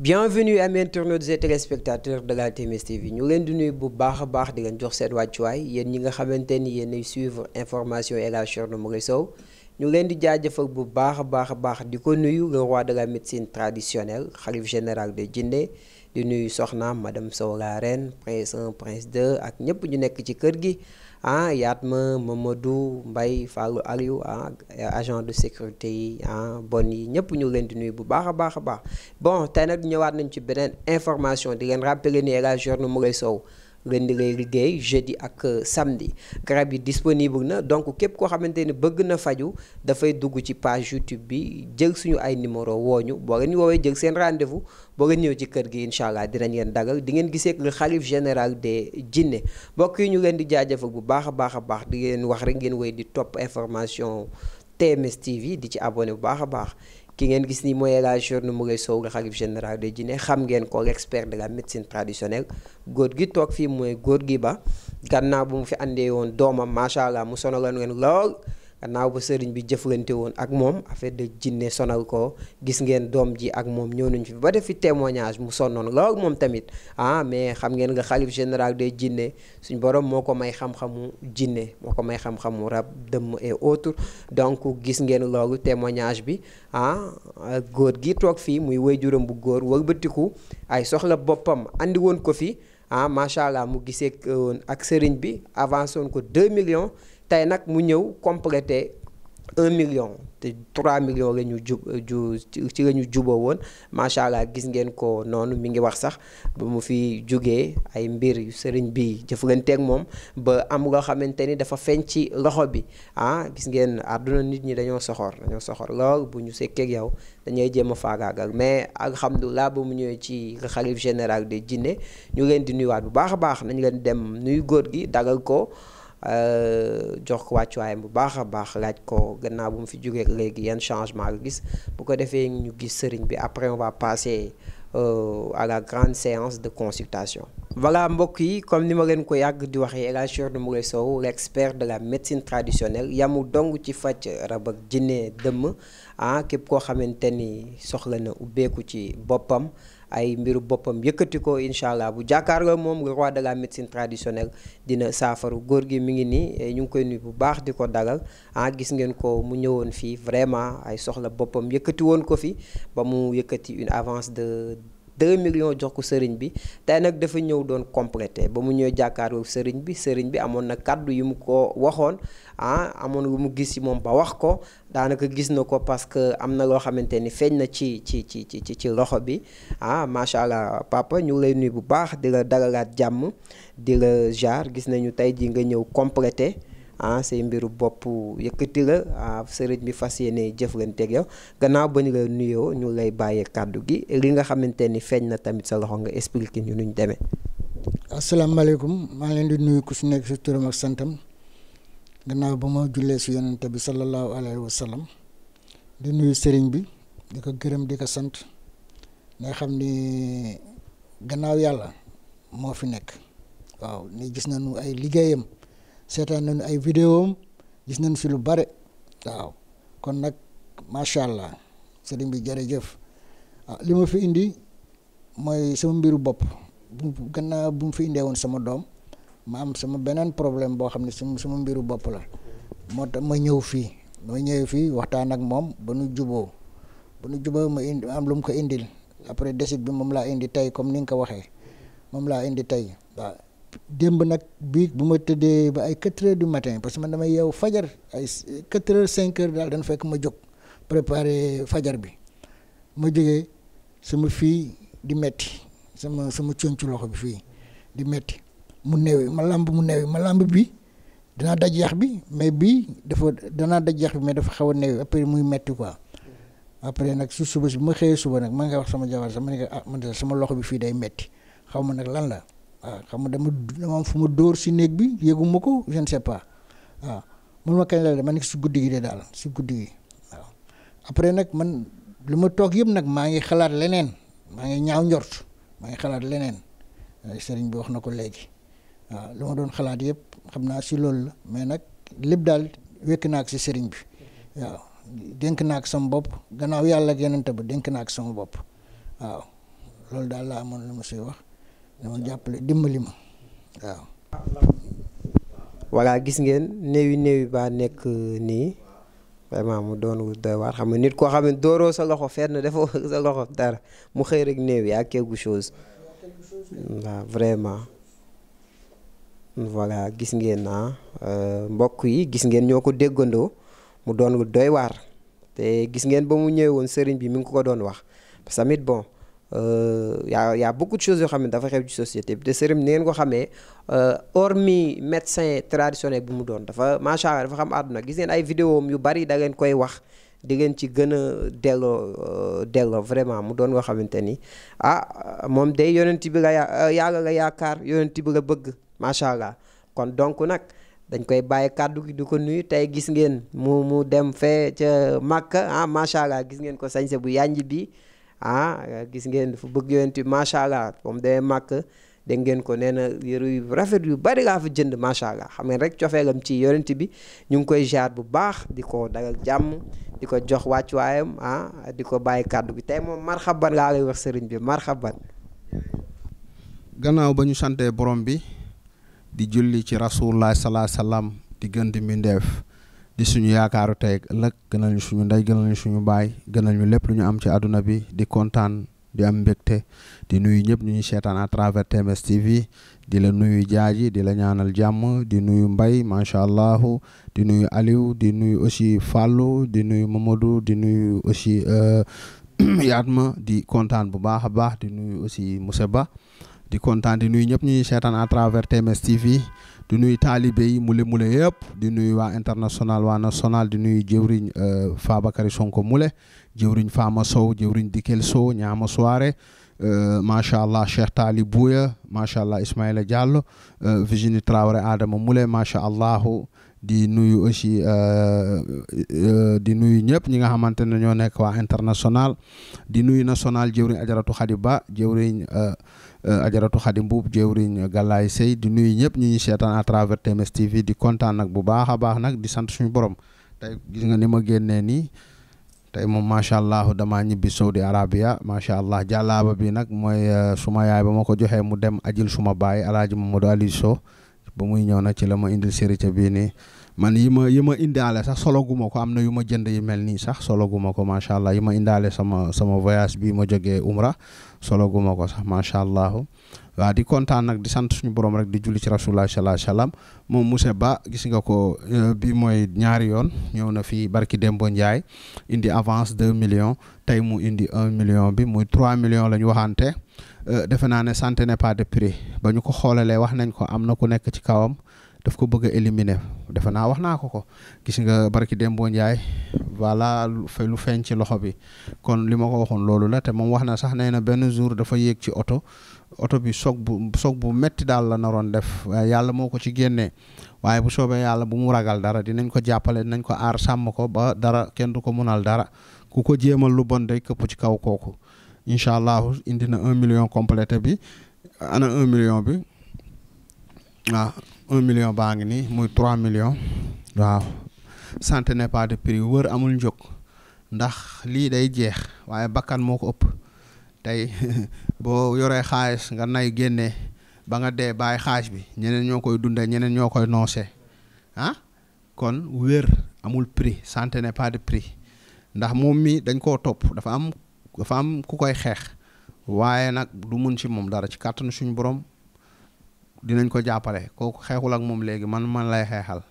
bienvenue am internautes et téléspectateurs de la TMS TV ñu leen di nuyu bu baax a baax di leen jox seen wàccuwaay yéen ñi nga xamante ni yéenay suivre information El Hadj mu ngay Sow ñu leen di jaajëfal bu baax a baax a baax di ko nuyu le roi de la médecine traditionnelle xalif général de Djindé di nuyu soxnaam madame Sow la reine prince 1 prince 2 ak ñëpp ñu nekk ci kër gi. ah Yatma Mamadou Mbaye Fallou Aliou ah agent de sécurité yi ah bon yi ñëpp ñu leen di nuyu bu baax a baax a baax bon tey nag ñëwaat nañ ci beneen information di leen rappeler ni El Hadj Thierno Moule Sow di lay liggéey jeudi ak euh, samedi garab yi disponible na donc képp koo xamante ni bëgg na faju dafay dugg ci page YouTube bi jël suñu ay numéro wooñu boo leen woowee jël seen rendez-vous boo leen ñëw ci kër gi incha allah dinañ leen dagal di ngeen gisee ak le xalif général de jinne mbokk yi ñu leen di jaajëfal bu baax a baax a baax di leen wax rek ngeen wéy di topp information TMS TV di ci abonné bu baax a baax ki ngeen gis ni mooy El Hadj Thierno Moule Sow la xalif général de Guinée xam ngeen ko l'expert de la médecine traditionnelle góor gi toog fii mooy góor gi ba naa bu mu fi andee woon doomam macha allah mu sonaloon leen lool. gannaaw ba sëriñ bi jëflante woon ak moom affaire de jinne sonal ko gis ngeen doom ji ak moom ñëw nañ fi ba defi fi témoignage mu sonnoon lool moom tamit ah mais xam ngeen nga xalif général des jinne suñ borom moo ko may xam-xamu jinne moo ko may xam-xamu rab dëmm et autres donc gis ngeen loolu témoignage bi ah góor gi toog fii muy waajuram bu góor wëlbatiku ay soxla boppam indi woon ko fi ah macha allah mu gisee woon euh, ak sëriñ bi avancé woon ko 2 millions. tey nag mu ñëw complété un million te trois millions la ñu jub ju ci la juboo woon macha allah gis ngeen ko noonu mi ngi wax sax ba mu fi jógee ay mbir yu sëriñ bi jëflanteeg moom ba am loo xamante ni dafa feeñ ci loxo bi ah gis ngeen àdduna nit ñi dañoo soxoor dañoo soxor lool bu ñu sekkeeg yow dañuy jéem a faagaagal mais alhamdulilah ba mu ñëwee ci xalif général de Jinne ñu leen di nuyuwaat bu baax a baax nañu leen dem nuyu góor gi dagal ko. Euh, jox ko wàccuwaayam bu baax a baax laaj ko gannaaw bu mu fi jógee léegi yan changement la gis bu ko defee ñu gis sëriñ bi après on va passer euh, à la grande séance de consultation. voilà mbokk yi comme ni ma leen ko yàgg di waxee El Hadj Thierno Moule Sow l' expert de la médecine traditionnelle yamu dong ci faj rab ak jinne dëmm ah képp koo xamante ni soxla na ubbeeku ci boppam. ay mbiru boppam yëkkati ko incha allah bu jàkkaarloo moom le roi de la médecine traditionnelle dina saafaru góor gi mi ngi nii eh, ñu ngi koy nuyu bu baax di ko dalal ah gis ngeen ko mu ñëwoon fii vraiment ay soxla boppam yëkkati woon ko fi ba mu yëkkati une avance de. 2 millions jox ko sëriñ bi tey nag dafa ñëw doon complété ba mu ñëw jàkkaarloo sëriñ bi sëriñ bi amoon na kàddu yu mu ko waxoon ah amoon lu mu gis ci moom ba wax ko daanaka gis na ko parce que am na loo xamante ni feeñ na ci ci ci ci ci loxo bi ah macha allah papa ñu lay nuyu bu baax di la dalalaat jàmm di la jaar gis nañu tey ji nga ñëw complété. ah say mbiru bopp yëkkati la ah sëriñ bi fas yéene jëflanteeg yow gannaaw ba ñu la nuyoo ñu lay bàyyee kàddu gi li nga xamante ni feeñ na tamit sa loxo nga expliqué ñu nuñ demee. asalaamaaleykum maa leen di nuyu ku si nekk si turam ak santam gannaaw ba ma jullee si yonente bi sallallahu alayhi wa sallam di nuyu sëriñ bi di ko gërëm di ko sant nga xam ni gannaaw yàlla moo fi nekk waaw ni gis nañu ay liggéeyam. seetaan nañu ay vidéo am gis nañ fi lu bari waaw kon nag macha allah sëriñ bi jërëjëf ah li ma fi indi mooy sama mbiru bopp bu gannaaw bu mu fi indee woon sama doom ma am sama beneen problème boo xam ne sama sama mbiru bopp la moo tax ma ñëw fii ma ñëw fii waxtaan ak moom ba nu juboo ba nu juboo ma indi am lu mu ko indil après décide bi moom laa indi tey comme ni nga ko waxee moom laa indi tey waaw démb nag bii bu ma tëddee ba ay quatre heures du matin parce que man damay yeew fajar ay quatre heures cinq heures daal dañ fekk ma jóg préparer fajar bi ma jógee sama fii di metti sama sama concu loxo bi fii di metti mu newi ma làmb mu newi ma bi danaa daj bi mais bii dafa danaa daj yax bi mais dafa xaw a newi après muy metti quoi après nag su suba si bu xëyee suba nag ma nga wax sama jabar sama ne ah man sama loxo bi fii day metti xaw ma nag lan la waaw ah, xam nga dama dama am fu ma dóor si néeg bi yéegu ma ko je ne sais pas waaw ah, mun ma kañ la dama nekk si guddi gi de daal si guddi gi waaw après nag man lu ma toog yëpp nag maa ngi xalaat leneen maa ngi ñaaw njort maa ngi xalaat leneen ah, sëriñ bi wax na ko léegi waaw li ma doon xalaat yëpp xam naa si loolu la mais nag lépp daal wékk naa ko si sëriñ bi waaw dénk naa ko sama bopp gannaaw yàlla ak yonent ba dénk naa ko sama bopp waaw loolu daal laa amoon lu ma siy wax. dama jàppale dimbali ma waaw. voilà gis ngeen néewi néewi baa nekk nii vraiment mu doon doy waar xam nga nit koo xam ne dooroo sa loxo fenn defoo sa loxo dara mu xëy rek néew yaa quelque chose waaw vraiment. voilà gis ngeen naa euh, mbokk yi gis ngeen ñoo ko déggandoo mu doon doy waar te gis ngeen ba mu ñëwee woon sëriñ bi mu ngi ko doon wax parce que bon. Euh, yaa yaa beaucoup de yoo xam ne dafa xew ci société bi te sërëm ni ngeen ko xamee euh, hormis médecin traditionnel bi mu doon dafa macha allah dafa xam àdduna gis ngeen ay vidéo yu bari da ngeen koy wax di ngeen ci gën a delloo euh, delloo vraiment mu doon nga xamante ni ah moom day yonent bi la yàlla la yaakaar yonent bi la bëgg macha allah kon donc nag dañ koy bàyyi kàddu gi du ko nuyu tey gis ngeen mu mu dem fee ca Màkka ah macha allah gis ngeen ko sañse bu yànj bi. ah gis ngeen dafa bëgg yonent bi macha allah moom day màkk dégg ngeen ko nee na yëru yu rafet yu bari laa fa jënd macha allah xam ngeen cofee cofeelam ci yonent bi ñu ngi koy jaar bu baax di ko dalal jàmm di ko jox wàccuwaayam ah di ko bàyyi kàddu bi tey moom marxaban laa lay wax sëriñ bi marxaban gannaaw ba ñu santee borom bi di julli ci rasulullah salaa salaam di gën di mbindeef di suñu yaakaaru tey ak ëllëg gënal ñu suñu ndey gënal ñu suñu baay gënal ñu lépp lu ñu am ci àdduna bi di kontaan di am mbégte di nuyu ñëpp ñu ñu seetaan à travers TMS TV di la nuyu jaaji di la ñaanal jàmm di nuyu mbay macha allah di nuyu Aliou di nuyu aussi Fallou di nuyu Mamadou di nuyu aussi euh, Yatma di kontaan bu baax a baax di nuyu aussi Moussa Ba di kontaan di nuyu ñëpp ñu ñu seetaan à travers TMS TV. di nuyu taalibe yi mule mule yëpp di nuyu waa international waa national di nuyu jëwriñ euh, Fabakary Sonko mule jëwriñ Fama Sow jëwriñ Dikel Sow ñaama soirée euh, macha allah Cheikh Tali Bouya macha allah Ismaïla Diallo euh, Virginie Traoré Adama mule macha allah. di nuyu aussi euh, euh, di nuyu ñëpp ñi nga xamante ne ñoo nekk waa international di nuyu national jëwriñ ajaratu Khady Ba jëwriñ euh, ajaratu Khady Mbuub jëwriñ Galaay Sey di nuyu ñëpp ñu ñuy seetaan à TV di kontaan nag bu baax a baax nag di sant suñu borom tey gis nga ni ma génnee nii tey moom macha allah damaa ñibbi Saudi Arabia macha allah jàllaaba bi nag mooy suma yaay ba ma ko joxee mu dem ajil suma baay alaaji Mamadou Aliou Sow ba muy ñëw nag ci la ma indil série ca bii nii man yi ma yi ma indaale sax solo gu ko am na yu ma jënd yu mel nii sax solo gu ma ko macha allah yi ma indaale sama sama voyage bi ma jogee Umra solo gu ko sax macha allah waaw di kontaan nag di sant suñu borom rek di julli ci rasulullah sallallahu moom monsieur Ba gis nga ko euh, bi mooy ñaari yoon ñëw na fii barki Dembo Ndiaye indi avance deux millions tey mu indi 1 million bi muy 3 millions la ñu waxante euh, defe naa ne santé n'est pas de prix ba ñu ko xoolalee wax nañ ko am na ku nekk ci kawam. daf ko bëgg éliminer defe naa wax naa ko ko gis nga barki Dembo Ndiaye voilà lu feeñ ci loxo bi kon li ma ko waxoon loolu la te moom wax na sax nee na benn jour dafa yéeg ci oto oto bi soog bu soog bu metti daal la naroon def yàlla moo ko ci génnee waaye bu soobee yàlla bu mu ragal dara dinañ ko jàppale nañ ko aar sàmm ko ba dara kenn du ko munal dara ku ko jéemal lu bon day këpp ci kaw kooku incha allahu indi na un million complété bi un million bi ah. un million baa ngi nii muy trois millions waaw santé pas de prix wër amul njëg ndax lii day jeex waaye bakkan moo ko ëpp tey boo yoree xaalis nga nay génnee ba nga dee baay xaalis bi ñeneen ñoo koy dundee ñeneen ñoo koy noose ah kon wér amul prix santé n'est pas de prix ndax moom mii dañ koo topp dafa am dafa am ku koy xeex waaye nag du mun ci moom dara ci kàttanu suñu borom dinañ ko jàppale kooku xeexul ak moom léegi man man lay xeexal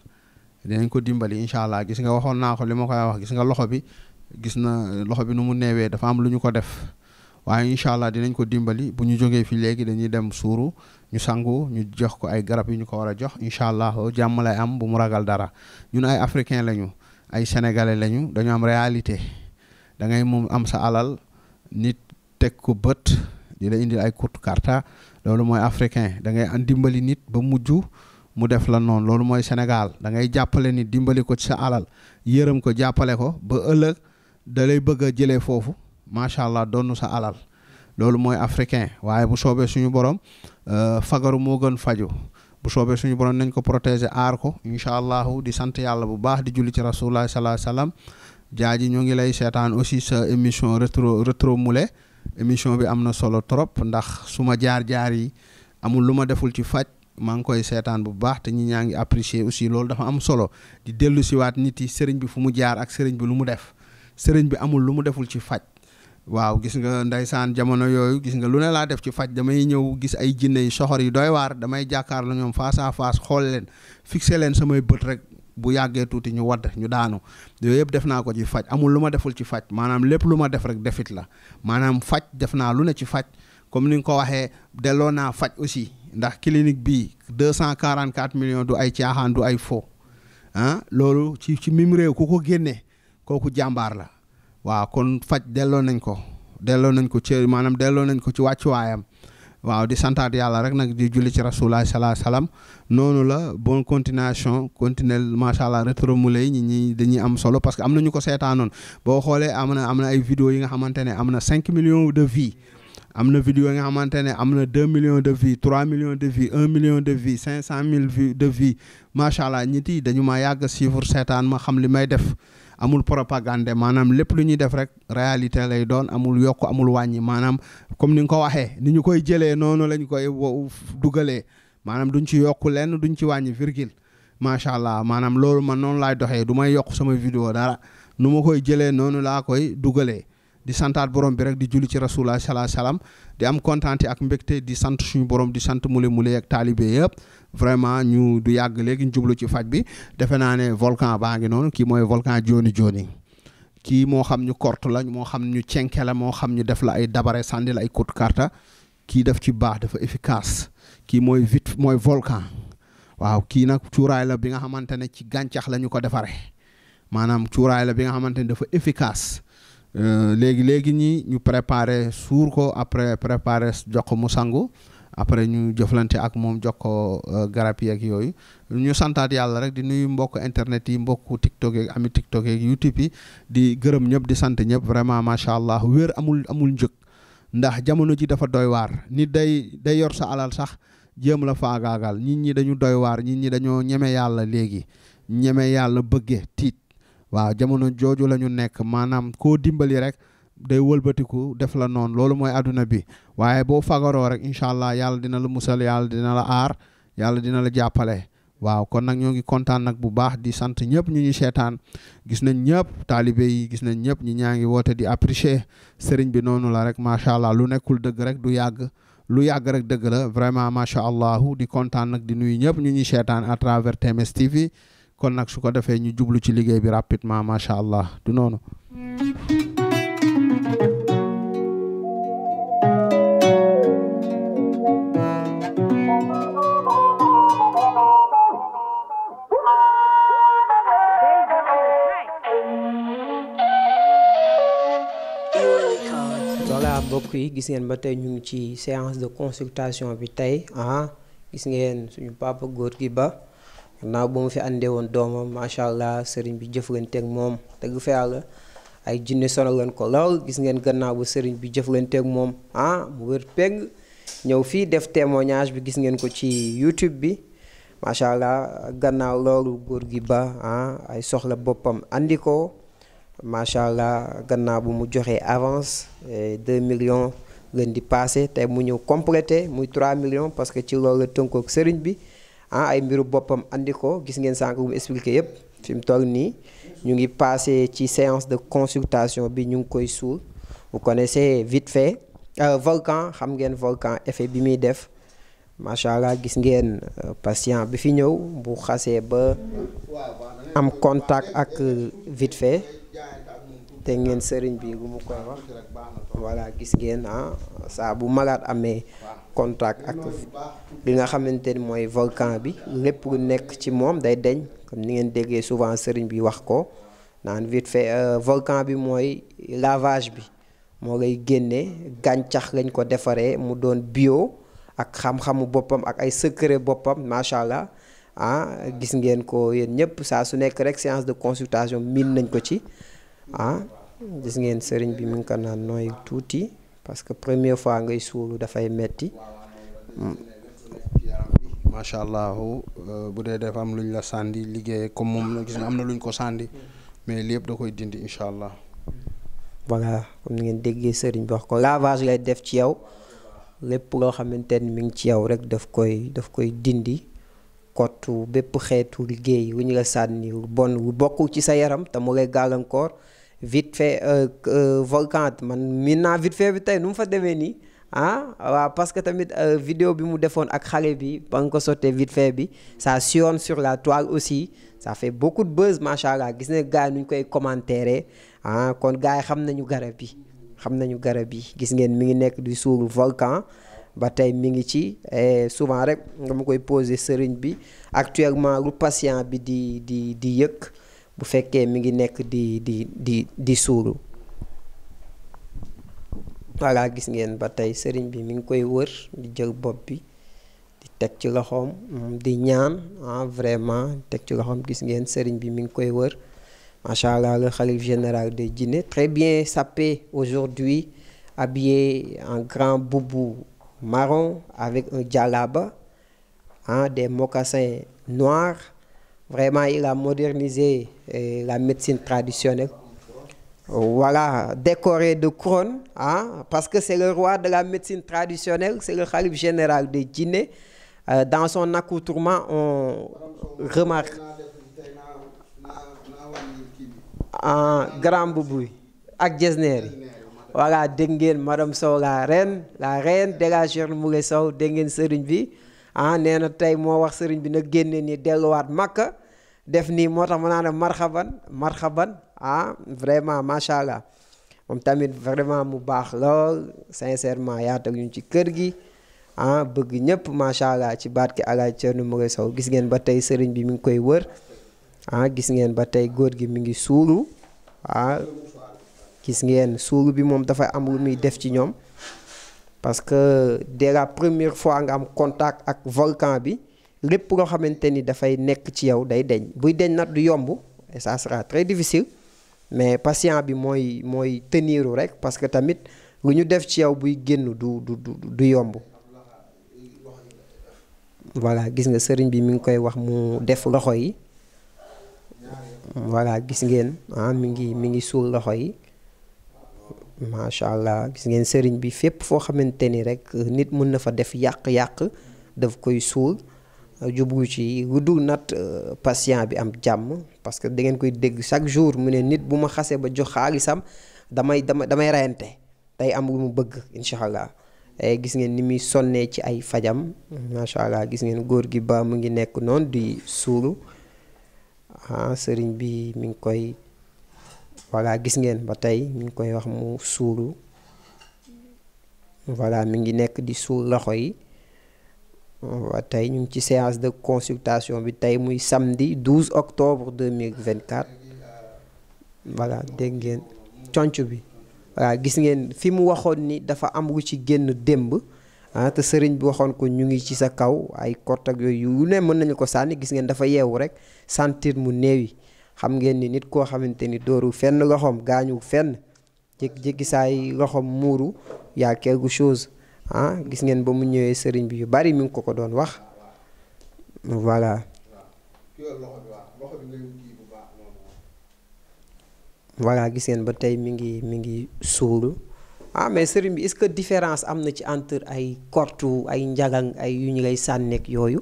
dinañ ko dimbali incha allah gis nga waxoon naa ko li ma koy wax gis nga loxo bi gis na eh, loxo bi nu mu neewee dafa am lu ñu ko def waaye incha allah dinañ ko dimbali bu ñu jógee fii léegi dañuy dem suuru ñu sangu ñu jox ko ay garab yu ñu ko war a jox incha allah jàmm lay am bu mu ragal dara ñun ay africain lañu ay sénégalais lañu dañu am réalité da ngay moom am sa alal nit teg ko bët. di la indi ay courte karta loolu mooy africain da ngay dimbali nit ba mujj mu def la noonu loolu mooy Sénégal dangay jàppale nit dimbali ko ci sa alal yërëm ko jàppale ko ba ëllëg da lay bëgg a jëlee foofu macha allah donnu sa alal loolu mooy africain waaye bu soobee suñu borom euh, fagaru moo gën faju bu soobee suñu borom nañ ko protégé aar ko incha allahu di sant yàlla bu baax di julli ci rasulullah sallallahu alayhi wasallam jaaji ñoo ngi lay seetaan aussi sa émission retro retro moulé émission bi am na solo trop ndax su ma jaar-jaar yi amul lu ma deful ci faj maa ngi koy seetaan bu baax te ñi ñaa ngi apprécier aussi loolu dafa am solo di dellu siwaat nit yi sëriñ bi fu mu jaar ak sëriñ bi lu mu def sëriñ bi amul lu mu deful ci faj waaw gis nga ndeysaan jamono yooyu gis nga lu ne laa def ci faj damay ñëw gis ay jinne yu soxor yi doy waar damay jàkkaar la ñoom face à face xool leen fixé leen samay bët rek bu yàggee tuuti ñu wadd ñu daanu yooyu yëpp def naa ko ci faj amul lu ma deful ci faj maanaam lépp lu ma def rek defit la maanaam faj def naa lu ne ci faj comme ni nga ko waxee delloo naa faj aussi ndax clinique bi deux cent quarante quatre millions du ay caaxaan du ay fo ah loolu ci ci mim réew ku ko génnee kooku jàmbaar la waaw kon faj delloo nañ ko delloo nañ ko ci maanaam delloo nañ ko ci wàccuwaayam waaw di santaat yàlla rek nag di julli ci rasulilah salaa salaam noonu la bon continuation continuel macha allah Retro Moulay ñi ñi dañuy am solo parce que am na ñu ko seetaanoon boo xoolee am na am na ay vidéo yi nga xamante ne am na cinq million de vie am na vidéo yi nga xamante ne am na deux millions de vues trois million de vues un million de vues cinq cent mille vues de vues macha allah ñit yi dañu maa yàgg suivre seetaan ma xam li may def. amul propagande maanaam lépp lu ñuy def rek réalité lay doon amul yokk amul wàññi maanaam comme ni nga ko waxee ni ñu koy jëlee noonu lañ koy dugalee maanaam duñ ci yokk lenn duñ ci wàññi virgule macha allah maanaam loolu man noonu laay doxee du may yokk sama video dara nu ma koy jëlee noonu laa koy dugalee di santaat borom bi rek di julli ci rasulullah salaa salaam di am kontaante ak mbégte di sant suñu boroom di sant mule mule ak taalibe yëpp vraiment ñu du yàgg léegi ñu jublu ci faj bi defe naa ne volcan baa ngi noonu kii mooy volcan jooni jooni kii moo xam ñu corte la moo xam ñu cenke la moo xam ñu def la ay dabare sànni la ay côte karta kii def ci baax dafa efficace kii mooy vite mooy volcan waaw kii nag cuuraay la bi nga xamante ne ci gàncax lañu ko defaree maanaam Euh, léegi léegi ñi ñu préparer suur ko après préparé jox ko mu sangu après ñu jëflante ak moom jox ko euh, garab yi yooyu ñu santaat yàlla rek di nuyu mbokk internet yi mbokk tiktok yeeg ami tiktok yeeg youtube yi di gërëm ñëpp di sant ñëpp vraiment macha allah wér amul amul njëg ndax jamono ji dafa doy waar nit day day yor sa alal sax jéem la faagaagal nit ñi dañu doy waar nit ñi dañoo ñeme yàlla léegi ñeme yàlla bëgge tiit. waaw jamono jooju la ñu nekk maanaam koo dimbali rek day wëlbatiku def la noonu loolu mooy àdduna bi waaye boo fagaroo rek incha allah yàlla dina la musal yàlla dina la aar yàlla dina la jàppale. waaw kon nag ñoo ngi kontaan nag bu baax di sant ñëpp ñu ñu seetaan gis nañ ñëpp taalibe yi gis nañ ñëpp ñi ñaa ngi woote di apprécier sëriñ bi noonu la rek macha allah lu nekkul dëgg rek du yàgg lu yàgg rek dëgg la vraiment macha allah di kontaan nag di nuyu ñëpp ñu ñuy seetaan à travers TMS TV. kon nag su ko defee ñu jublu ci liggéey bi rapidement macha allah du noonu. voilà mbokk yi gis ngeen ba tey ñu ngi ci séance de consultation bi tey ah, gis ngeen suñu papa góor gi ba. naaw ba mu fi àndee woon doomam macha allah sëriñ bi jëflanteeg moom dëgg fa yàlla ay jinne sonaloon ko lool gis ngeen gannaaw bu sëriñ bi jëflanteeg moom ah mu wër pegg ñëw fii def témoignage bi gis ngeen ko ci YouTube bi macha allah gannaaw loolu góor gi ba ah, ay soxla boppam indi ko macha allah gannaaw bu mu joxee avance 2 eh, millions leen di passé te mu ñëw complété muy 3 millions parce que ci loolu la tënkoog sëriñ bi. ah ay mbiru boppam indi ko gis ngeen sànq bu mu expliqué yëpp fi mu toog nii ñu ngi passé ci séance de consultation bi ñu ngi koy suul vous connaissez vite fait euh, volcan xam ngeen volcan effet bi muy def macha allah gis ngeen euh, patient bi fi ñëw bu xasee ba am contact ak euh, vite fait te ngeen sëriñ bi bu mu koy wax voilà gis ngeen ah saa bu malaat amee contact ak li nga xamante ni mooy volcan bi lépp lu nekk ci moom day deñ comme ni ngeen déggee souvent sëriñ bi wax ko naan vite fait euh, volcan bi mooy lavage bi moo lay génne gàncax lañ ko defaree mu doon bio ak xam-xamu boppam ak ay secret boppam macha allah ah gis ngeen ko yéen ñëpp saa su nekk rek séance de consultation miin nañ ko ci ah gis ngeen sëriñ bi mu ngi ko naan nooy tuuti. parce que première fois ngay suulu dafay metti macha allah euh, bu dee dafa am lu ñu la sàndi liggéey comme moom la gis nga am na lu ñu ko sàndi mais lépp da koy dindi incha allah. voilà comme ni ngeen déggee sëriñ bi wax ko lavage lay def ci yow lépp loo xamante ne mi ngi ci yow rek daf koy daf koy dindi kottu bépp xeetu liggéey lu ñu la sànni lu bon lu bokkul ci sa yaram te mu lay gàllankoor. vite fait volcante man miin naa vite fait bi tey nu mu fa demee nii ah waaw parce que tamit vidéo bi mu defoon ak xale bi ba nga ko sottee vite fait bi ça sillonne sur la toile aussi ça fait beaucoup de buzz allah gis ne gars yi nu ñu koy commentaire ah kon gars yi xam nañu garab yi xam nañu garab yi gis ngeen mi ngi nekk du suuru volcan ba tey mi ngi ci souvent rek nga ma koy posé sëriñ bi actuellement lu patient bi di di di yëg. bu fekkee mi ngi nekk di di di di suuru voilà gis ngeen ba tey sëriñ bi mi ngi koy wër di jël bopp bi di teg ci loxoom mm, di ñaan ah vraiment teg ci loxoom gis ngeen sëriñ bi mi ngi koy wër macha allah le khalife général de jinné très bien sapé aujourd'hui habillé en grand boubou marron avec un djellaba ah des mocassins noirs Vraiment, il a modernisé euh, la médecine traditionnelle. Voilà, décoré de couronne, parce que c'est le roi de la médecine traditionnelle, c'est le calife général de Guinée. Euh, dans son accoutrement, on remarque un grand boubouille avec Voilà, Dengen, Madame Sow, la reine, la reine de la Moulay Sow, Dengen Serigne ah nee na tey moo wax sëriñ bi na génne nii delluwaat Makka def nii moo tax ma naa ne marxaban marxaban ah vraiment macha allah moom tamit vraiment mu baax lool sincèrement yaata ñu ci kër gi ah bëgg ñëpp macha allah ci baat ki alaaj Thierno Moule Sow gis ngeen ba tey sëriñ bi mu ngi koy wër ah gis ngeen ba tey góor gi mi ngi suulu ah gis ngeen suulu bi moom dafay am lu muy def ci ñoom. parce que dès la première fois nga am contact ak volcan bi lépp loo xamante ni dafay nekk ci yow day deñ buy deñ na du yomb et ça sera très difficile mais patient bi mooy mooy teniiru rek parce que tamit lu ñu def ci yow buy génn du du du yomb. voilà gis nga sëriñ bi mi ngi koy wax mu def loxo yi voilà gis ngeen ah ngi mi ngi suul loxo yi. macha allah gis ngeen sëriñ bi fépp foo xamante ni rek euh, nit mun na fa def yàq-yàq daf koy suul euh, jublu ci wudu nat euh, patient bi am jàmm parce que da ngeen koy dégg chaque jour mu ne nit bu ma xasee ba jox xaalisam damay damay damay rayante tey am lu mu bëgg incha allah eh, gis ngeen ni muy sonnee ci ay fajam macha allah gis ngeen góor gi ba mu ngi nekk noonu di suuru ah sëriñ bi mi ngi koy. voilà gis ngeen ba tey ñu ngi koy wax mu suuru voilà mi ngi nekk di suul loxo yi ba tey ñu ngi ci séance de consultation bi tey muy samedi 12 octobre 2024 voilà dégg ngeen conc bi voilà gis ngeen fi mu waxoon ni dafa am lu ci génn démb ah te sëriñ bi waxoon ko ñu ngi ci sa kaw waaye kort ak yooyu yu ne mën nañu ko sànni gis ngeen dafa yeewu rek sentir mu néew yi xam ngeen ni nit koo xamante ni dóoru fenn loxoom gaañu fenn jékki-jékki saay loxoom muuru yaa quelque chose ah gis ngeen ba mu ñëwee sëriñ bi yu bari mi ngi ko ko doon wax voilà. voilà gis ngeen ba tey mi ngi mi ngi suuru ah mais sëriñ bi est-ce que différence am na ci entre ay kortu ay njagang ay yu ñu lay sànneek yooyu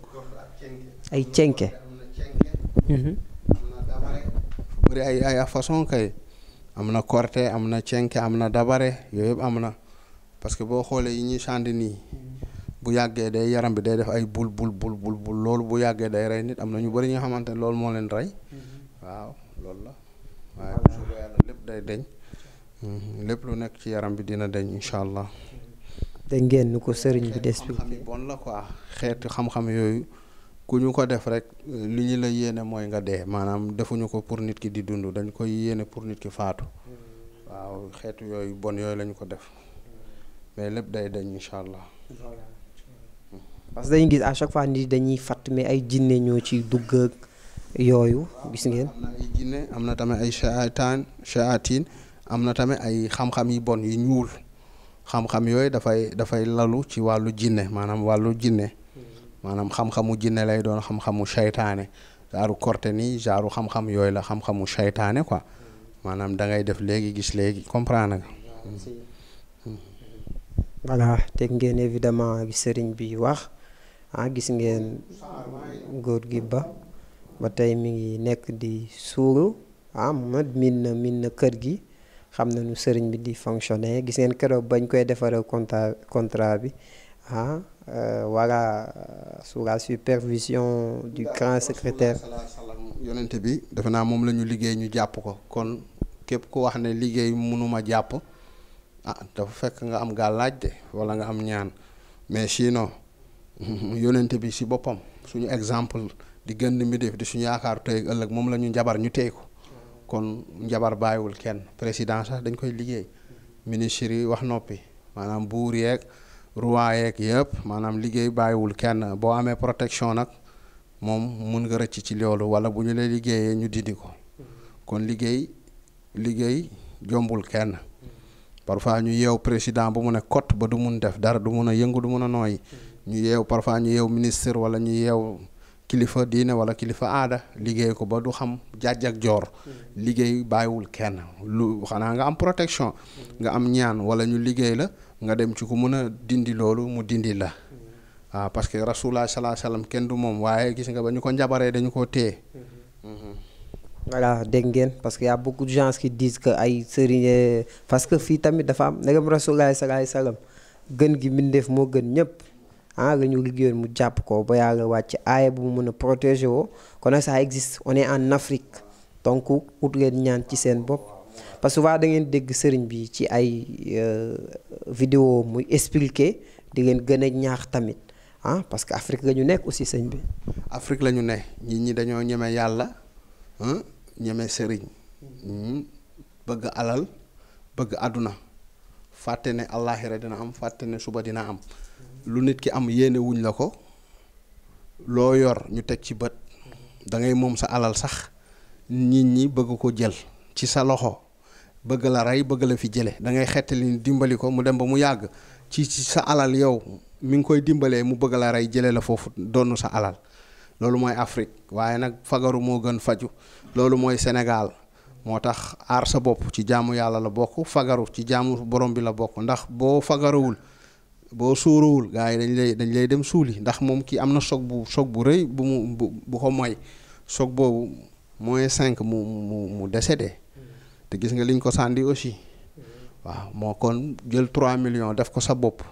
ay cenke bëri ay ay façon kay am na korte am na cenke am na dabare yooyu yëpp am na parce que boo xoolee yi ñuy sànd nii bu yàggee day yaram bi day def ay bul bul bul bul loolu bu yàggee day rey nit am na ñu bëri xamante ne loolu moo leen rey mm-hmm. waaw loolu la lépp day deñ mm-hmm. lépp lu nekk ci yaram bi dina deñ incha allah. te ngeen nu ko sëriñ bi. des bi xam la quoi xeetu xam-xam yooyu. ku ñu ko def rek li ñu la yéene mooy nga dee maanaam defuñu ko pour nit ki di dund dañ koy yéene pour nit ki faatu waaw xeetu yooyu bon yooyu lañu ko def mais lépp day dañ incha allah. parce que dañuy gis à chaque dañuy fàtt mais ay jinne ñoo ci dugg yooyu gis ngeen. am na am na tamit ay shaytaan shayatin am na tamit ay xam-xam yi bon yu ñuul xam-xam yooyu dafay dafay lalu ci wàllu jinne maanaam wàllu jinne. maanaam xam-xamu jinne lay doon xam-xamu seytaane genre korte nii genre xam-xam yooyu la xam-xamu seytaane quoi maanaam dangay def léegi gis léegi comprendre nga. voilà teg ngeen évidemment sëriñ bi wax ah, gis ngeen góor gi ba ba tey mi ngi nekk di suuru ah man miin na miin na kër gi xam nañu sëriñ bi di fonctionner gis ngeen keroog bañ koy defaral contrat contrat bi ah euh, sous la supervision du grand secrétaire yonent bi defe naa moom la ñu liggéey ñu jàpp ko kon képp ko wax ne liggéey mënuma jàpp ah dafa fekk nga am gàllaaj de wala nga am ñaan mais sinon yonent bi si boppam suñu exemple di gën mi def di suñu yaakaar tey ëllëg moom la ñu njabar ñu tey ko kon njabar bàyyiwul kenn président sax dañ koy liggéey ministre wax noppi maanaam buur yeeg ruwaayeeg yëpp maanaam liggéey bàyyiwul kenn boo amee protection nag moom mun nga rëcc ci loolu wala bu ñu la liggéeyee ñu dindi ko kon liggéey liggéey jombul kenn parfois ñu yeew président bu mu ne cote ba du mun def dara du mun a yëngu du mun a nooyi ñu yeew parfois ñu yeew ministre wala ñu yeew kilifa diine wala kilifa aada liggéey ko ba du xam jàjj joor liggéey bàyyiwul kenn lu xanaa nga am protection nga am ñaan wala ñu liggéey la nga dem ci ku mën a dindi loolu mu dindi la waaw ah, parce que rasulullah salaa salaam kenn du moom waaye gis nga ba ñu ko njabaree dañu ko téye. Mm-hmm. voilà dégg ngeen parce que y a beaucoup de gens que ay sëriñ parce que fii tamit dafa am ndegam rasulullah salaa salaam gën gi mbindeef moo gën ñëpp. ah lañu ñu mu jàpp ko ba yàlla wàcc aaya bu mu mën a protéger woo kon nag ça existe on en Afrique donc ut leen ñaan ci seen bopp. parce que souvent da dégg sëriñ bi ci ay euh, vidéo muy expliquer di ngeen gën a ñaax tamit ah parce que Afrique lañu nekk aussi sëñ bi. Afrique la ñu ne nit ñi dañoo ñeme yàlla ah, ñeme sëriñ hmm, bëgg alal bëgg àdduna fàtte ne àllaaxira dina am fàtte ne suba dina am lu nit ki am yéene wuñ la ko loo yor ñu teg ci bët da ngay moom sa alal sax nit ñi bëgg ko jël ci sa loxo. bëgg la rey bëgg la fi jële da ngay xettali dimbali ko mu dem ba mu yàgg ci ci sa alal yow mi ngi koy dimbalee mu bëgg la rey jële la foofu donn sa alal loolu mooy Afrique waaye nag fagaru moo gën faju loolu mooy Sénégal moo tax aar sa bopp ci jaamu yàlla la bokk fagaru ci jaamu borom bi la bokk ndax boo fagarawul boo suurawul gars yi dañ lay dañ lay dem suuli ndax moom kii am na choc bu choc bu rëy bu mu bu ko moy choc boobu mooy cinq mu mu mu décédé te gis nga liñ ko sàndi aussi waaw moo kon jël 3 millions def ko sa bopp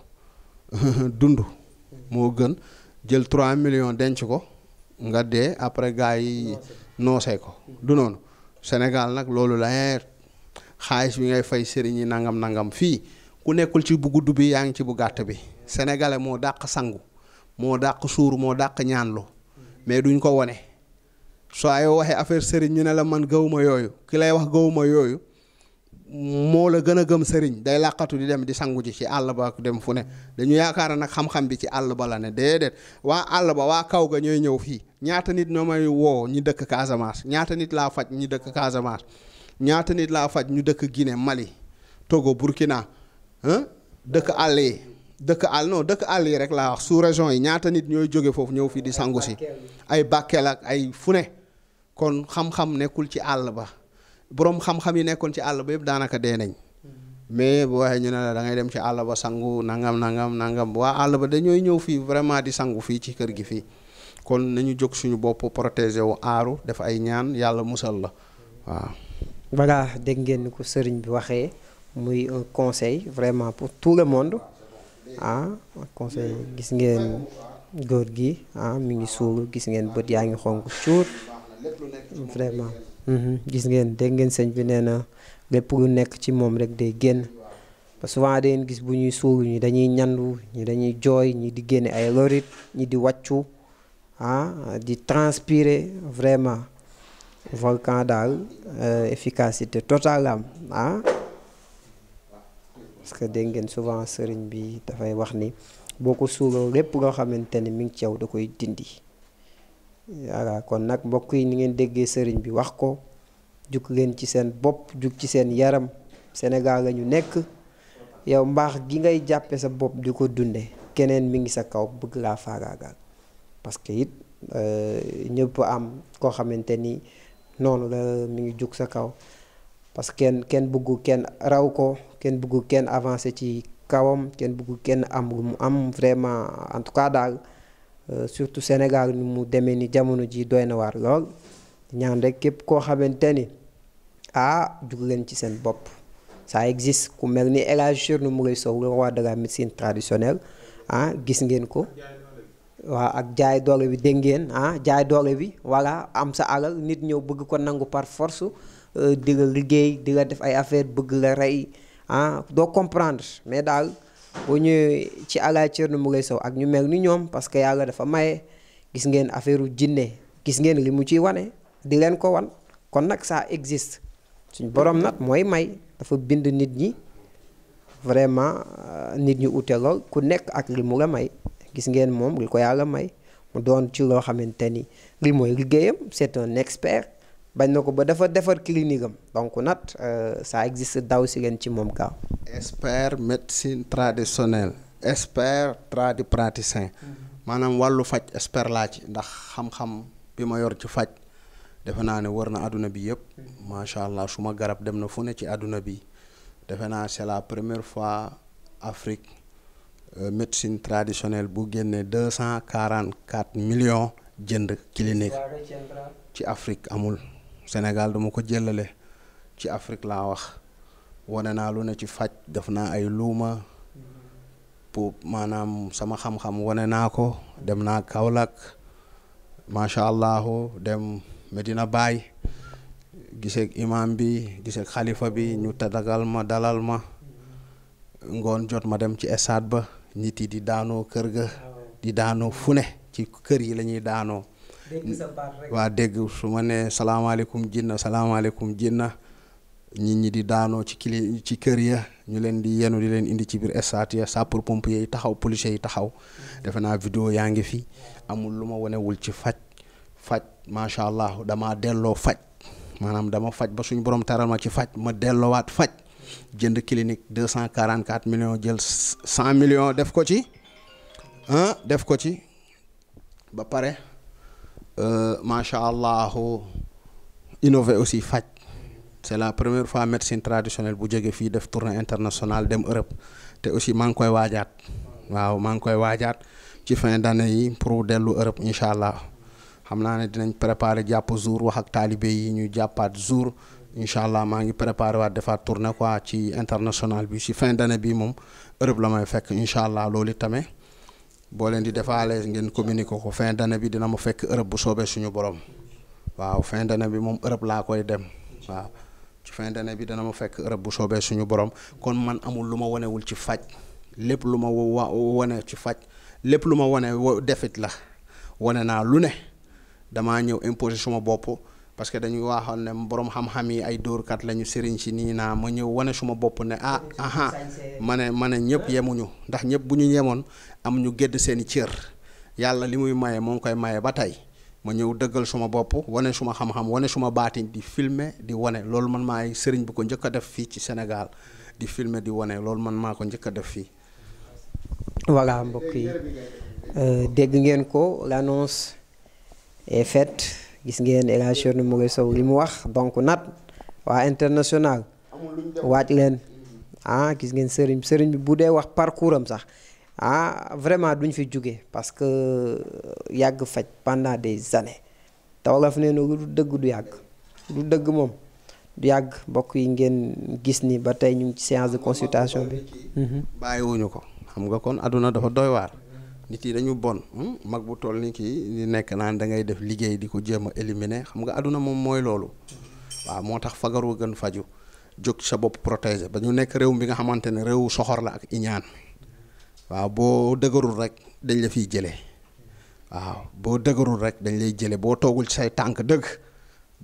dund moo gën jël 3 millions denc ko nga dee après gars yi noosee ko du noonu Sénégal nag loolu la xaalis bi ngay fay sëriñ yi nangam nangam fii ku nekkul ci bu gudd bi yaa ngi ci bu gàtt bi sénégalais moo dàq sangu moo dàq suur moo dàq ñaanlu mais duñ ko wone soo ay waxee affaire sëriñ ñu ne la man gëwuma yooyu ki lay wax gëwuma yooyu moo la gën a gëm sëriñ day làqatu di dem di sangu ji ci àll ba dem fu ne dañu yaakaar nag xam-xam bi ci àll ba la ne déedéet waa àll ba waa kaw ga ñooy ñëw fii ñaata nit ñoo may woo ñu dëkk Casamance ñaata nit laa faj ñu dëkk Casamance ñaata nit laa faj ñu dëkk Guinée Mali Togo Burkina dëkk àll yi dëkk àll dëkk àll yi rek laa wax sous région yi ñaata nit ñooy jóge foofu ñëw fii di sangu si ay Bakel ak ay fu ne kon xam-xam nekkul ci àll ba boroom xam-xam yi nekkoon ci àll ba yëpp daanaka dee nañ mais bu waxee ñu ne la da dem ci àll ba sangu nangam nangam nangam waa àll ba dañooy ñëw fii vraiment di sangu fii ci kër gi fii kon nañu jóg suñu bopp protéger wu aaru def ay ñaan yàlla musal la waaw. voilà dégg ngeen ni ko sëriñ bi waxee muy un conseil vraiment pour tout le monde ah conseil gis ngeen góor gi ah mi ngi suulu gis ngeen bët yaa ngi xonk cuur. vraiment mhm. gis ngeen dégg sëñ bi nee na lépp lu nekk ci moom rek day génn parce que souvent da gis bu ñuy suuru ñi dañuy ñandu ñi dañuy jooy ñi di génne ay lorit ñi di waccu ah di transpire vraiment volcan daal euh, efficacité totale am ah parce que dégg ngeen souvent sëriñ bi dafay wax ni boo ko suuroo lépp loo xamante ni mi ngi ci yow da koy dindi voilà kon nag mbokk yi ni ngeen déggee sëriñ bi wax ko jug leen ci seen bopp jug ci seen yaram Sénégal la ñu nekk yow mbaax gi ngay jàppe sa bopp di ko dunde keneen mi ngi sa kaw bugg laa faagaagal parce que it euh, ñëpp am koo xamante ni noonu la mi ngi jug sa kaw parce que kenn kenn bëggu kenn raw ko kenn bugg kenn avancé ci kawam kenn bugg kenn am lu mu am vraiment en tout cas daal Euh, surtout Sénégal ni mu demee ni jamono ji doy na waar lool ñaan rek képp koo xamante ni ah jug leen ci seen bopp ça existe ku mel ni El Hadji Thioune Moule Sow le roi de la médecine traditionnelle ah gis ngeen ko waaw ak jaay doole bi dégg ngeen ah jaay doole bi voilà am sa alal nit ñëw bëgg ko nangu par force euh, di la liggéey di la def ay affaire bëgg la rey ah, doo comprendre mais daal bu ñu ci alaay Thierno Moule Sow ak ñu mel ni ñoom parce que yàlla dafa maye gis ngeen affaire jinne gis ngeen li mu ciy wane di leen ko wan kon nag ça existe suñ borom nag mooy may dafa bind nit ñi vraiment euh, nit ñi ute lool ku nekk ak li mu la may gis ngeen moom li ko yàlla may mu doon ci loo xamante ni li mooy liggéeyam c'est un expert. bañ na ko ba dafa defar clinique am donc nag euh, ça existe daw si leen ci moom gaaw. expert médecine traditionnelle expert tradipraticien maanaam wàllu faj expert laa ci ndax xam-xam bi ma yor ci faj defe naa ne wër na àdduna bi yëpp macha allah suma garab dem na fu ne ci àdduna bi defe naa c'est la première fois Afrique euh, médecine traditionnelle bu génnee deux cent quarante quatre millions jënd clinique ci Afrique amul. Sénégal dama ko jëlale ci Afrique laa wax wane naa lu ne ci faj def naa ay luuma pour maanaam sama xam-xam wane naa ko dem naa Kaolack macha allah dem Medina Baye giseeg imam bi giseeg xalifa bi ñu tadagal ma dalal ma ngoon jot ma dem ci estade ba nit yi di daanoo kër ga di daanoo fu ne ci kër yi lañuy daanoo waa dégg su ma nee salaamaaleykum jinna salaamaaleykum jinna nit ñi di daanoo ci kili ci kër ya ñu leen di yenu di leen indi ci biir stade ya pomp pompier yi taxaw policier yi taxaw mm-hmm. defe naa vidéo yaa ngi fi amul lu ma wanewul ci faj faj macha allah dama delloo faj maanaam dama faj ba suñu borom taral ma ci faj ma delloowaat faj mm-hmm. jënd clinique deux cent quarante quatre millions jël cent millions def ko ci def ko ci ba pare. Euh, macha allah innové aussi faj c'est la première fois médecine traditionnelle bu jóge fii def tournée internationale dem Europe te aussi maa ngi koy waajaat waaw maa ngi koy waajaat ci fin d'année yi pour dellu Europe incha allah xam naa ne dinañ préparer jàpp jour wax ak taalibe yi ñuy jàppaat jour incha allah maa ngi préparer waat defaat tournée quoi ci international bi ci fin d'année bi moom Europe la may fekk incha allah loolu tamit. boo leen di defaale ngeen communiquer ko fin d'année bi dina ma fekk Europe bu soobee suñu borom waaw fin d'année bi moom Europe laa koy dem waaw ci fin bi dana ma fekk Europe bu soobee suñu borom kon man amul lu ma wanewul ci faj lépp lu ma wa wane ci faj lépp lu ma wane defit la wane naa lu ne damaa ñëw imposer suma bopp parce que dañuy waxoon ne boroom xam-xam yi ay dóorkat lañu sëriñ si nii naa ma ñëw wane suma bopp ne ah aha ma ne ma ne ñëpp yemuñu ndax ñëpp bu ñu yemoon am ñu gédd seeni i cër yàlla li muy maye moo koy maye ba tey ma ñëw dëggal suma bopp wane suma xam-xam wane suma baati di filmer di wane loolu man maay sëriñ bu ko njëkk a def fii ci Sénégal di filmer di wane loolu man maa ko njëkk a def fii. voilà mbokk yi euh, dégg ngeen ko l'annonce est faite. gis ngeen El Hadj Thierno Moule Sow li mu wax donc nat waa international waaj leen ah gis ngeen sëriñ sëriñ bi bu dee wax parcours am sax ah vraiment duñ fi jóge parce que euh, yàgg faj pendant des années tawlaf nee na lu dëgg du yàgg du dëgg moom du yàgg mbokk yi ngeen gis ni ba tey ñu ngi ci séance de consultation bi. bàyyiwuñu ko xam nga kon àdduna dafa doy waar. nit yi dañu bon hmm? mag bu toll ni kii di nekk naan da ngay def liggéey di ko jéem a éliminer xam nga àdduna moom mooy loolu waaw moo tax fagaru gën faju jóg sa bopp protéger ba ñu nekk réew mi nga xamante ne réew soxor la ak iñaan waaw boo dëgërul rek dañ la fiy jëlee waaw boo dëgërul rek dañ lay jëlee boo toogul ci say tànk dëgg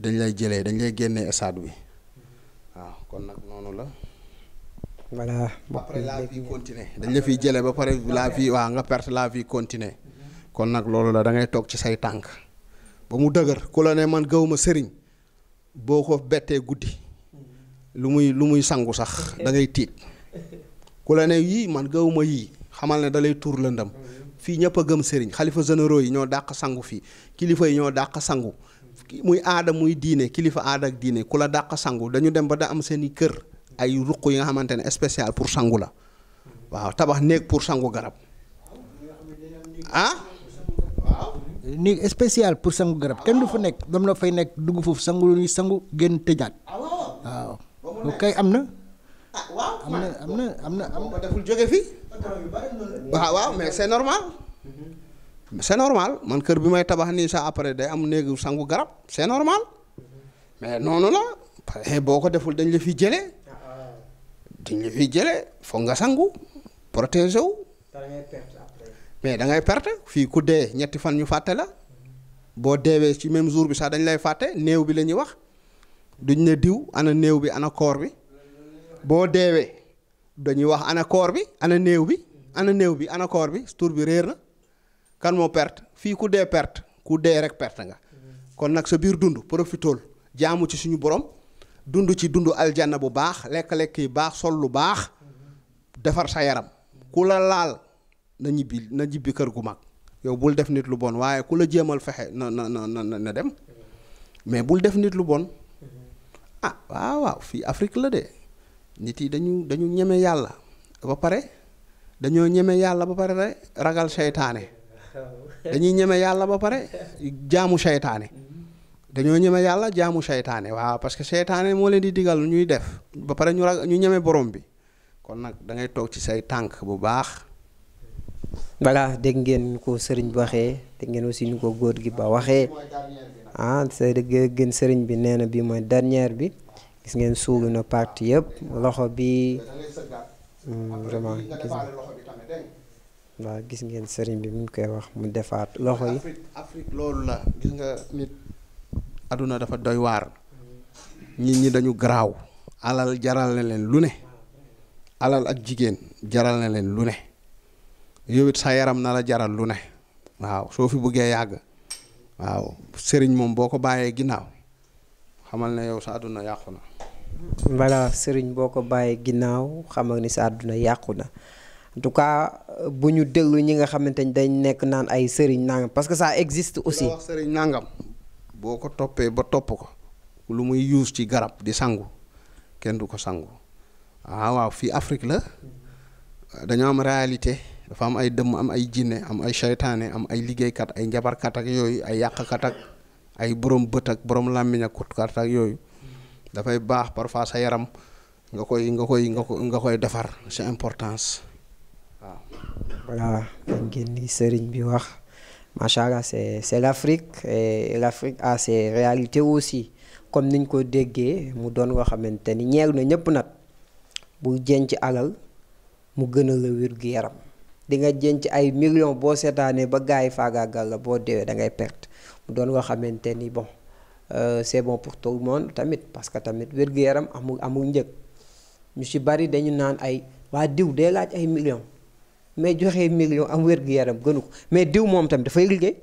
dañ lay jëlee dañ lay génne stade bi waaw kon nag noonu la voilà après dañ la fiy jëlee ba pare la waa nga perte la vie continue kon nag loolu la da toog ci say tànk ba mu dëgër ku la ne man gawuma sëriñ boo ko bettee guddi lu muy lu muy sangu sax dangay ngay tiit ku la ne yii man gawuma yii xamal ne dalay lay lëndam fii ñëpp a gëm sëriñ xalifa généraux yi ñoo dàq sangu fii kilifa yi ñoo dàq sangu muy aada muy diine kilifa aada ak diine ku la dàq sangu dañu dem ba da am seeni kër ay ruq yi nga xamante ne spécial pour sangu la waaw tabax néeg pour sangu garab ah waaw. pour sangu garab kenn du fa nekk dam la fay nekk dugg foofu sangu lu ñuy sangu génn tëjaat ah, waaw lu kay am na. ah waaw am na am na am na am na deful jóge fii waaw ah, waaw mais c'est normal c'est normal man kër bi may tabax nii sax après day am néegu sangu garab c'est normal mais noonu la boo ko deful dañ la fi jëlee duñ la fiy jëlee foog nga sangu protéger wu. mais da ngay perte fii ku dee ñetti fan ñu fàtte la boo deewee ci même jour bi sax dañ lay fàtte néew bi la ñuy wax duñ ne diw ana néew bi ana koor bi boo deewee dañuy wax ana koor bi ana néew bi ana néew bi ana koor bi tur bi réer na kan moo perte fii ku dee perte ku dee rek perte nga mm-hmm. kon nag sa biir dund profitool jaamu ci suñu borom. dund ci dund aljanna bu baax lekk-lekk baax sol lu baax defar sa yaram ku la laal na ñibbi na ñibbi kër gu mag yow bul def nit lu bon waaye ku la jéemal fexe na na na na dem mais bul def nit lu bon ah waaw waaw fii Afrique la de nit yi dañu dañu ñeme yàlla ba pare dañoo ñeme yàlla ba pare ragal seytaane dañuy ñeme yàlla ba pare jaamu seytaane dañoo ñeme yàlla jaamu seytaane waaw parce que seytaane moo leen di digal ñuy def ba pare ñu rag ñu ñeme borom bi kon nag da ngay toog ci say tànk bu baax. voilà dégg ngeen ko sëriñ bi waxee dégg ngeen aussi ñu ko góor gi ba waxee ah sa sëriñ bi nee na bii mooy dernière bi gis ngeen suugi na parti yëpp loxo bi hmm, vraiment gis gis ngeen sëriñ bi mu ngi koy wax mu defaat loxo yi. aduna dafa doy waar nit ñi dañu garaaw alal jaral na leen lu ne alal ak jigéen jaral na leen lu ne yow it sa yaram na la jaral lu ne waaw soo fi bëggee yàgg waaw sëriñ moom boo ko bàyyee ginnaaw xamal ne yow sa àdduna yàqu na voilà sëriñ boo ko bàyyee ginnaaw xamal ni sa àdduna yàqu na en tout cas bu ñu déglu ñi nga xamante ni dañ nekk naan ay sëriñ nangam parce que ça existe aussi sëriñ nangam boo ko toppee ba topp ko lu muy yuus ci garab di sangu kenn du ko sangu ah waaw fii Afrique la dañoo am réalité dafa am ay dëmm am ay jinne am ay seytaane am ay liggéeykat ay njabarkat ak yooyu ay yàqkat ak ay boroom bët ak boroom làmmiñ ak kutkat ak yooyu dafay baax parfois sa yaram nga koy nga koy nga koy nga koy defar c'est importance waaw. voilà ngeen ni sëriñ bi wax. machallah c'est l'Afrique et l'Afrique a ah, ses réalités aussi comme niñ ko déggee mu doon loo xamante ni ñeer na ñëpp nag bu jënc alal mu gënal la wér gu yaram dinga nga jënc ay millions boo seetaanee ba gars yi faagaagal la boo deewee da ngay perte mu doon loo xamante ni bon euh, c'est bon pour tout le tamit parce que tamit wér gu yaram amul amul njëg ñu ci bari dañu naan ay waa diw day laaj ay millions mais joxe million am wér-gu-yaram gënu ko mais diw moom tamit dafay liggéey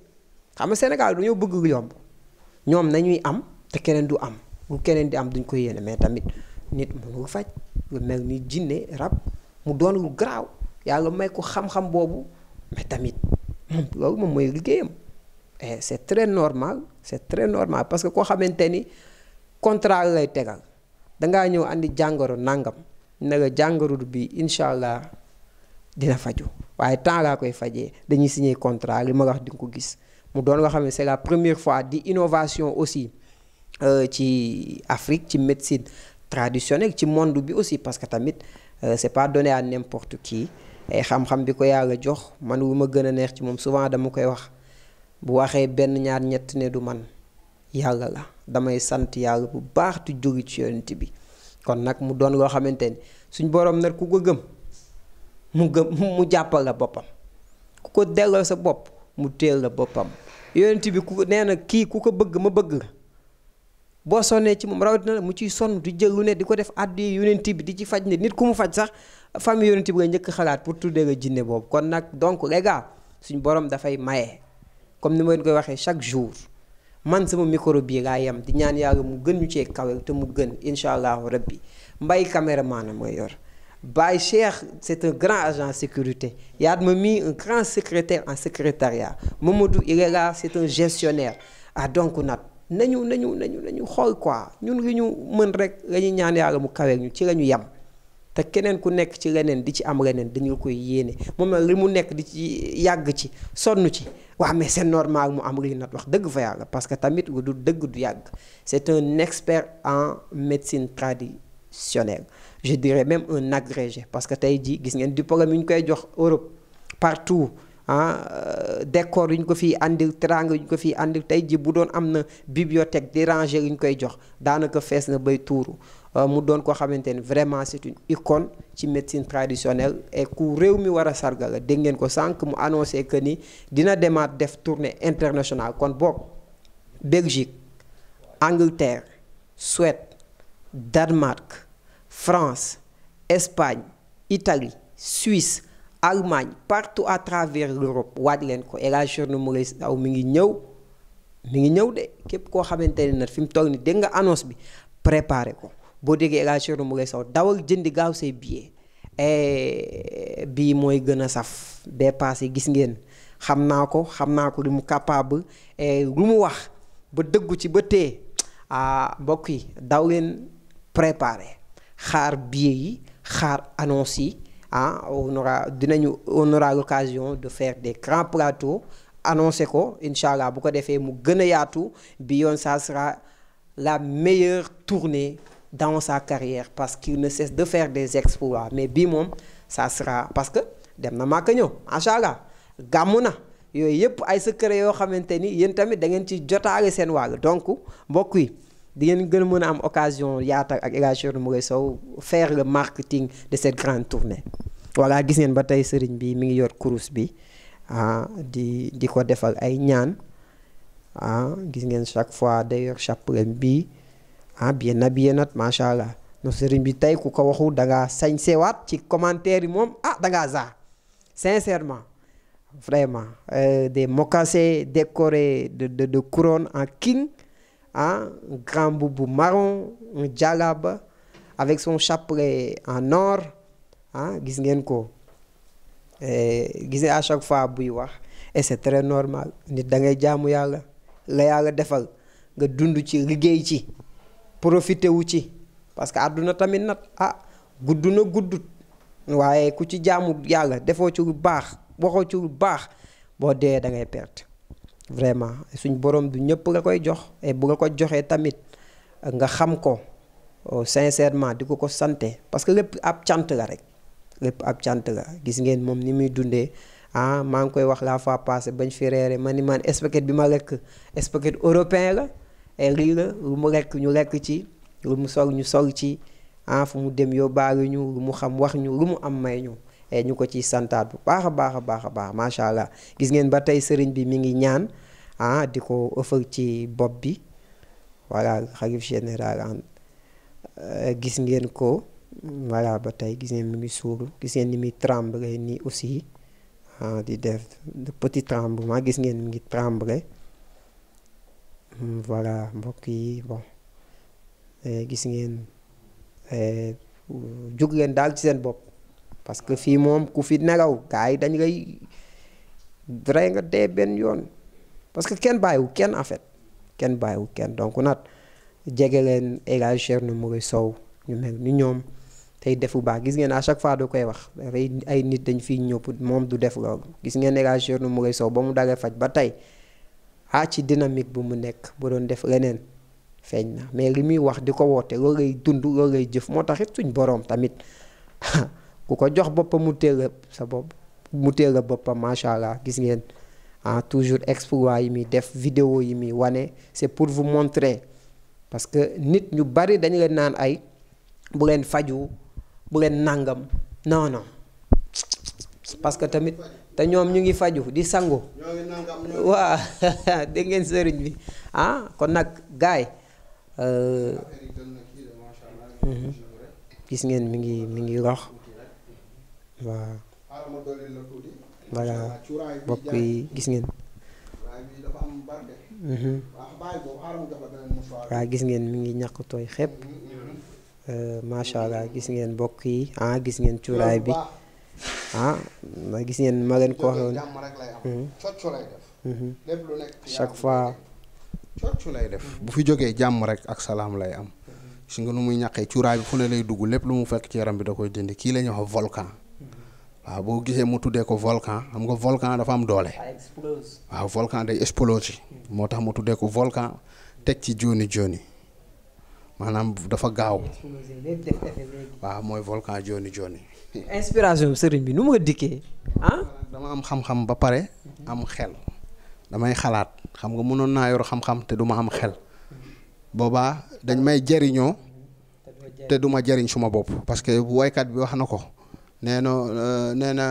xam nga Sénégal dañoo bëgg yomb ñoom nañuy am te keneen du am bu keneen di am duñ ko yéene mais tamit nit mënul faj lu mel ni jinne rab mu doon lu garaaw yàlla may ko xam-xam boobu mais tamit loolu moom mooy liggéeyam et c'est très normal c'est très normal parce que koo xamante ni contrat lay tegal dangaa ñëw andi jàngoro nangam ne la jàngoro bi incha allah. dina faju waaye temps laa koy fajee dañuy signé contrat li ma wax di nga ko gis mu doon nga xam ne c'est la première fois di innovation aussi euh, ci Afrique ci médecine traditionnelle ci monde bi aussi parce que tamit euh, c'est pas donné à n'importe qui ay xam-xam bi ko yàlla jox man wu ma gën a neex ci moom souvent dama koy wax bu waxee benn ñaar ñett ne du man yàlla la damay sant yàlla bu baax di jóge ci yonent bi kon nag mu doon loo xamante ni suñ boroom nag ku ko gëm mu gëm mu jàppal la boppam ku ko delloo sa bopp mu téel la boppam yonent bi ku nee na kii ku ko bëgg ma bëgg la boo sonnee ci moom rawatina la mu ciy sonn di jël lu ne di ko def àddi yonent bi di ci faj ne nit ku mu faj sax famille yonent bi nga njëkk xalaat pour tuddee la jinne boobu kon nag donc les gars suñu borom dafay maye comme ni ma ko waxee chaque jour man sama micro bii laa yem di ñaan yàlla mu gën ñu cee kawe te mu gën incha allahu rabbi mbay caméraman mooy yor. Baye Cheikh c'est un grand agent sécurité yaat ma Mi un grand secrétaire en secrétariat Mamadou il est là c'est un gestionnaire ah donc nag nañu nañu nañu nañu xool quoi ñun li ñu mën rek la ñuy ñaan yàlla mu kaweeg ñu ci la ñu yem te keneen ku nekk ci leneen di ci am leneen dañu koy yéene moom nag li mu nekk di ci yàgg ci sonn ci waaw mais c'est normal mu am lii nag wax dëgg fa yàlla parce que tamit lu du dëgg du yàgg c'est un expert en médecine traditionnelle je dirais même un agrégé parce que tey jii gis ngeen diplôme yi ñu koy jox Europe partout ah euh, décor yu ñu ko fii andil teranga yu ñu ko fii andil tey jii bu doon am na bibliothèque di ranger yu ñu koy jox daanaka fees na bay tuuru euh, mu doon koo xamante ni vraiment c'est une icône ci médecine traditionnelle et ku réew mi war a sargala dégg ngeen ko sànq mu annoncé que ni dina demaat def tournée internationale kon boog Belgique Angleterre Suède Danemark France Espagne Italie Suisse Allemagne partout à travers l'Europe waaj leen ko El Hadj Thierno Moule Sow mi ngi ñëw mi ngi ñëw de képp koo xamante ne nag fi mu toll nii dégg nga annonce bi préparé ko boo déggee El Hadj Thierno Moule Sow dawal jëndi gaaw say billet eh, bii mooy gën a saf bee passé gis ngeen xam naa ko xam naa ko li mu capable eh, lu mu wax ba dëggu ci ba tee ah mbokk yi daw leen préparé. xaar billets yi xaar annonces yi ah on dinañu on aura de faire des grands plateaux annoncé ko incha allah bu ko defee mu gën a yaatu bi yoon ça sera la meilleure tournée dans sa carrière parce qu'il ne cesse de fair des exploits mais bii moom ça sera parce que dem na Màkka ñëw macha allah gàmmu na yooyu yëpp ay secret yoo xamante ni yéen tamit da ngeen ci jotaale seen wàll donc mbokk yi. di ngeen gën a mën a am occasion yaatal ak El Hadj Moulay Sow faire le marketing de cette grande tournée. voilà gis ngeen ba tey sëriñ bi mu ngi yor kurus bi ah, di di ko defal ay ñaan ah gis ngeen chaque fois day yor chapelet bi ah bien habillé nag macha allah no sëriñ bi tey ku ko waxul da ngaa sañsewaat ci commentaire yi moom ah da ngaa sincèrement. vraiment euh, des mocassins décorés de, de, de couronne en king hein, un grand boubou marron un djallaba avec son chapelet en or ah gis ngeen ko eh, gisee à chaque fois buy wax et c'est très normal nit da ngay jaamu yàlla la yàlla defal nga dund ci liggéey ci profité wu ci parce que àdduna tamit nag ah gudd na guddut waaye ku ci jaamu yàlla defoo ci lu baax waxoo ci lu baax boo dee da ngay perte. vraiment suñ borom du ñëpp la koy jox et bu nga ko joxee tamit nga xam ko euh, sincèrement di ko ko sante parce que lépp ab cant la rek lépp ab cant la gis ngeen moom ni muy dundee ah maa ngi koy wax la fois passée bañ fi reere ma ni man spaghetti bi ma lekk spaghetti européen la et lii la lu mu lekk ñu lekk ci lu mu sol ñu sol ci ah fu mu dem yóbbaale ñu lu mu xam wax ñu lu mu am may ñu Eh, ñu ko ci santaat bu baax a baax baax a baax macha allah gis ngeen ba tey sëriñ bi mu ngi ñaan ah di ko ëffal ci bopp bi voilà xalif général an eh, gis ngeen ko voilà ba tey gis ngeen mi ngi suuru gis ngeen ni muy tremble nii aussi ah, di def de petit tremblement gis ngeen mi ngi tremble hmm, voilà mbokk yi bon eh, gis ngeen jóg leen daal ci seen bopp. parce que fii moom ku fi nelaw gars yi dañ lay rey nga dee benn yoon parce que kenn bàyyiwu kenn en fait kenn bàyyiwu kenn donc nag jege leen El Hadji Thierno Moule Sow ñu mel ni ñoom tey defu baax gis ngeen à chaque fois du koy wax ay nit dañ fiy ñëpp moom du def loolu gis ngeen El Hadji Thierno Moule Sow ba mu dalee faj ba tey ah ci dynamique bu mu nekk bu doon def leneen feeñ na mais li muy wax di ko woote loolu lay dund loolu lay jëf moo taxit suñ boroom tamit ku ko jox boppam mu téel sa bopp mu téel a boppam macha allah gis ngeen ah toujours exploit yi muy def vidéo yi muy wane c'est pour vous montrer parce que nit ñu bari dañu leen naan ay bu leen faju bu leen nangam non non parce que tamit te ñoom ñu ngi faju di sangu waa dégg ngeen sëriñ bi ah kon nag gaay euh, mhm. gis ngeen mi ngi mi ngi rox waaw voilà mbokk yi gis ngeen. Mhm. waaw gis ngeen mi ngi ñàkk tooy xepp mhm. euh, macha allah gis ngeen mbokk yi ah gis ngeen cuuraay bi ah gis ngeen ma leen ko waxoon mhm. chaque fois. lay def bu fi jógee jàmm rek ak salaam lay am. gis nga nu muy ñàkkee cuuraay bi fu ne lay dugg lépp lu mu fekk ci yaram bi da koy kii la ñuy wax waaw boo gisee mu tuddee ko volcan xam nga volcan dafa am doole. Ah, waaw volcan day explose moo tax mu tuddee ko volcan teg ci jooni jooni maanaam dafa gaaw. waaw mooy volcan jooni jooni. inspiration sëriñ bi nu mu nga dikkee ah? dama am xam-xam ba pare am xel damay xalaat xam nga mënoon naa yor xam-xam te duma am xel boobaa dañ may jariñoo te duma jariñ suma bopp parce que waykat bi wax na ko. nee na eh, nee na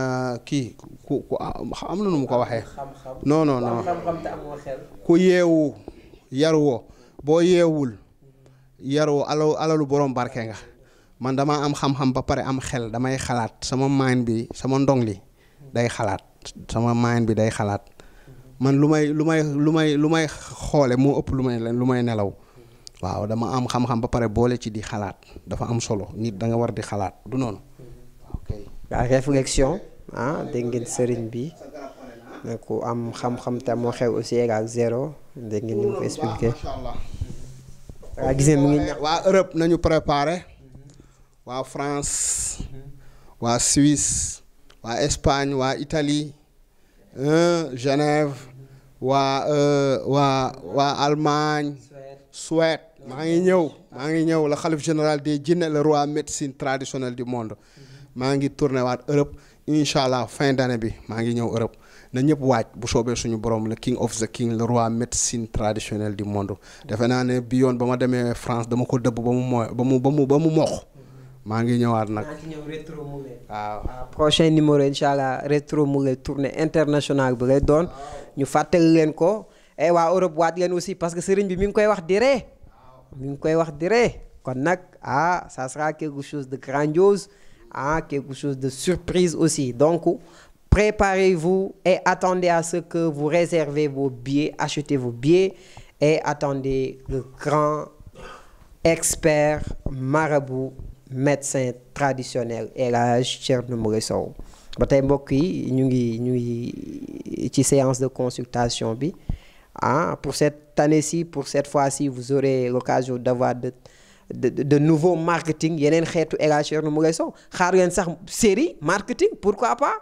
kii ku ah, am na nu mu ko waxee. non non ku yeewu yaruwoo boo yeewul yaruwoo alalu alalu borom barke nga man damaa am xam-xam ba pare am xel damay xalaat sama maañ bi sama ndong li day xalaat sama maañ bi day xalaat man lu may lu may lu may lu may xoole moo ëpp lu may lu may nelaw. waaw dama am xam-xam ba pare boole ci di xalaat dafa am solo nit danga nga war di xalaat du noonu. waaw réflexion ah dégg ngeen sëriñ bi ku am xam-xam te moo xew aussi yeeg ak zéro dégg ngeen ni mu ko mu ngi ñax waa Europe nañu préparé waa France waa Suisse waa Espagne waa Italie Genève waa euh, waa waa Allemagne Suède maa ngi ñëw maa ngi ñëw la xalif général des jinne le roi médecine traditionnelle du monde. maa ngi tourné waat Europe incha allah fin d' bi maa ngi ñëw Europe na ñëpp waaj bu soobee suñu borom la king of the king le roi médecine traditionnelle di monde. defe naa ne bi yoon ba ma demee France dama ko dëbb ba mu mooy ba ba mu ba mu mox. maa ngi ñëwaat nag maa prochain numéro incha allah Retro Moulé tournée internationale bi lay doon ñu fàttali leen ko. eh waa Europe waat leen aussi parce que sëriñ bi mu ngi koy wax di ree mi ngi koy wax di ree kon nag ah ça sera de grandiose. a quelque chose de surprise aussi. Donc, préparez-vous et attendez à ce que vous réservez vos billets, achetez vos billets et attendez le grand expert marabout médecin traditionnel El Hadj Thierno Moule Sow ba tey mbokk yi ñu ngi ñu ngi ci séance de consultation bi ah pour cette année si pour cette fois-ci vous aurez l'occasion d'avoir de de de nouveau marketing yeneen xeetu Elaj mu ngay Sow xaar ngeen sax série marketing pourquoi pas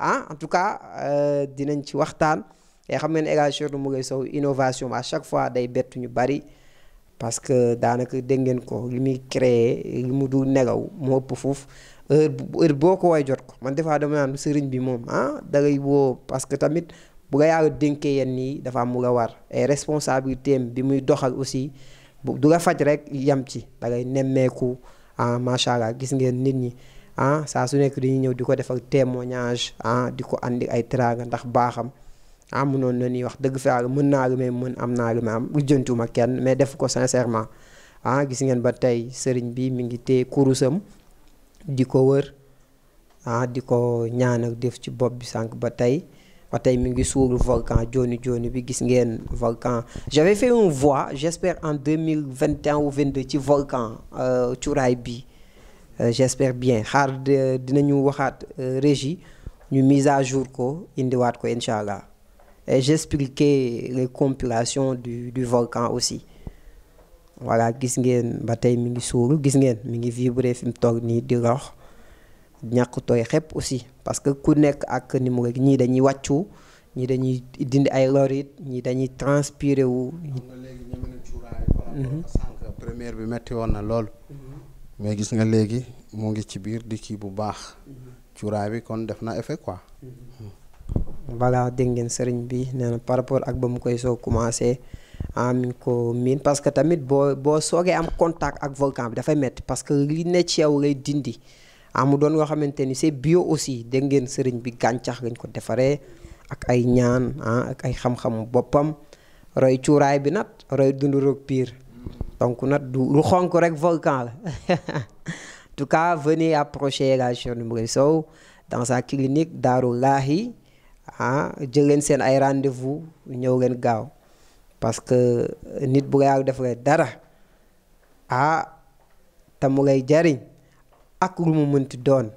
ah en tout cas euh, dinañ ci waxtaan et xam ngeen Elaj Thierno Moule Sow innovation à chaque fois day bett ñu bari parce que daanaka dégg ngeen ko li muy créer li mu du nelaw moo ëpp foofu heure boo ko way jot ko man defaa fois dama bi moom ah da ngay woo parce que tamit bu nga yàlla dénkee yenn nii dafa am mu la war et responsabilité bi muy doxal aussi. bu du nga faj rek yem ci da ngay nemmeeku ah macha allah gis ngeen nit ñi ah saa su nekk dañuy ñëw di ko def ak témoignage ah di ko andi ay teraanga ndax baaxam ah mënoon na ni wax dëgg fa mën naa lu may mën am naa lu may am ujjantuma kenn mais def ko sincèrement ah gis ngeen ba tey sëriñ bi mi ngi téye kurusam di ko wër ah di ko ñaanal def ci bopp bi sànq ba tey. ba tey mi ngi suuru volcan jooni jooni bi gis ngeen volcan j'avais fait une voix j'espère en 2021 ou 22 ci volcan euh, cuuraay bi euh, j'espère bien xaar dinañu waxaat euh, régie ñu mise à jour ko indiwaat ko incha allah et les compilations du du aussi voilà gis ngeen ba tey mi ngi suulu gis ngeen mi ngi vibrer fi mu toog nii di rox ñàkk tooy xëpp aussi parce que ku nekk ak ni mu rek ñii dañuy wàccu ñii dañuy dindi ay lorit ñii dañuy transpirer wu. Mhm. première bi metti woon na loolu mhm. mais gis nga léegi mu ngi ci biir di bu baax. Mhm. cuuraay bi kon def na effet quoi. voilà dégg ngeen sëriñ bi nee na par rapport ak ba mu koy soo commencé am ah, ko miin parce que tamit boo boo soogee am contact ak volcan bi dafay métti parce que li ne ci yow lay dindi. ah mu doon yoo xamante ni c'est bio aussi dégg ngeen sëriñ bi gàncax gañ ko defaree ak ay ñaan ah, ak ay xam-xamu boppam roy cuuraay bi nag roy dundu roog piir donc nag du lu rek volcan la en tout cas venez approcher la Cheikh Sow dans sa clinique Daaru Laahi ah jël leen seen ay rendez-vous ñëw leen gaaw parce que nit bu la def defalee dara ah te mu lay jariñ ak lu mu mënti doon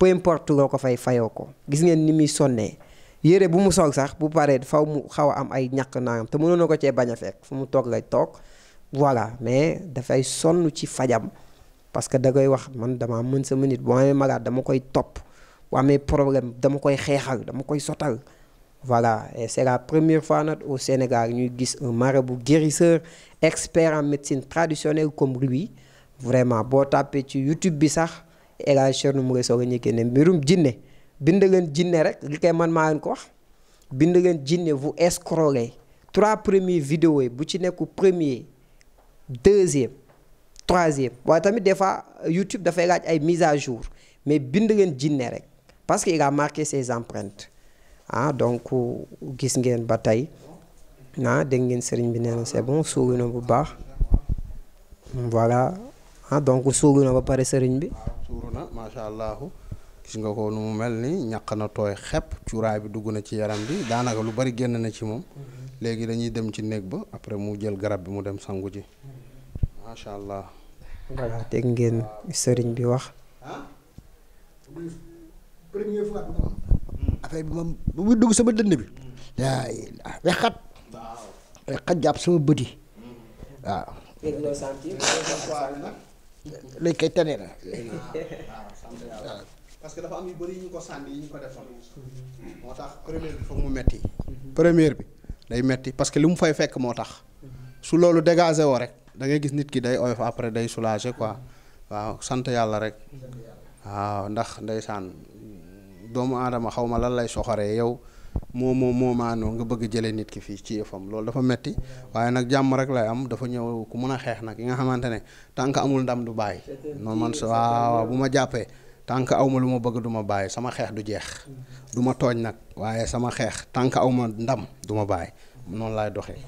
peu importe loo ko fay fayoo ko gis ngeen ni muy sonnee yére bu mu sol sax bu paree faw mu xaw a am ay ñàkk naangam te mënoon na ko cee bañ a fekk fu mu toog lay toog voilà mais dafay sonn ci fajam parce que da wax man dama mën sama nit bu amee malade dama koy topp bu amee problème dama koy xeexal dama koy sotal voilà et c'est la première fois nag au Sénégal ñuy gis un marabout guérisseur expert en médecine traditionnelle comme lui vraiment boo tàppee ci YouTube bi sax El Hadj Thierno Moule Sow nga ñëkkee ne mbirum jinne bind leen jinne rek li koy man maa ngi ko wax bind leen jinne bu scrollez trois premiers vidéos yi bu ci nekku premier deuxième troisième waaye tamit des fois YouTube dafay laaj ay mise à jour mais bind leen jinne rek parce que il a marqué ses empreintes ah donc gis ngeen ba tey ah dégg ngeen sëriñ bi nee na bon suuri na bu baax voilà ah donc suuru na ba pare sëriñ bi. waaw suuru na macha allah gis nga ko nu mu mel ni ñaq na tooy xepp cuuraay bi dugg na ci yaram bi daanaka lu bari génn na ci moom. léegi dañuy dem ci néeg ba après mu jël garab bi mu dem sangu macha allah. voilà dégg ngeen sëriñ bi wax. muy dugg sama dënd bi. wexat. wexat jàpp sama bët yi waaw. léegi kay tane na. waaw que dafa am yu bëri ñu ko sànni yi ñu ko defoon. Mm-hmm. Mm-hmm. moo mu metti. Mm-hmm. première bi day metti parce que li mu fay fekk moo tax. su loolu dégagé woo rek da ngay gis nit ki day oyof après day soulagé quoi waaw sant yàlla rek. waaw ndax ndeysaan doomu aadama xaw ma lan lay soxoree yow. moo moo moomaanoo nga bëgg jëlee nit ki fii ci yëfam loolu dafa metti waaye nag jàmm rek lay am dafa ñëw ku mën a xeex nag yi nga xamante ne tànk amul ndam du bàyyi noonu man sa waaw bu ma jàppee tànk awma lu ma bëgg du bàyyi sama xeex du jeex du ma tooñ nag waaye sama xeex tànk awma ndam du ma bàyyi noonu laay doxee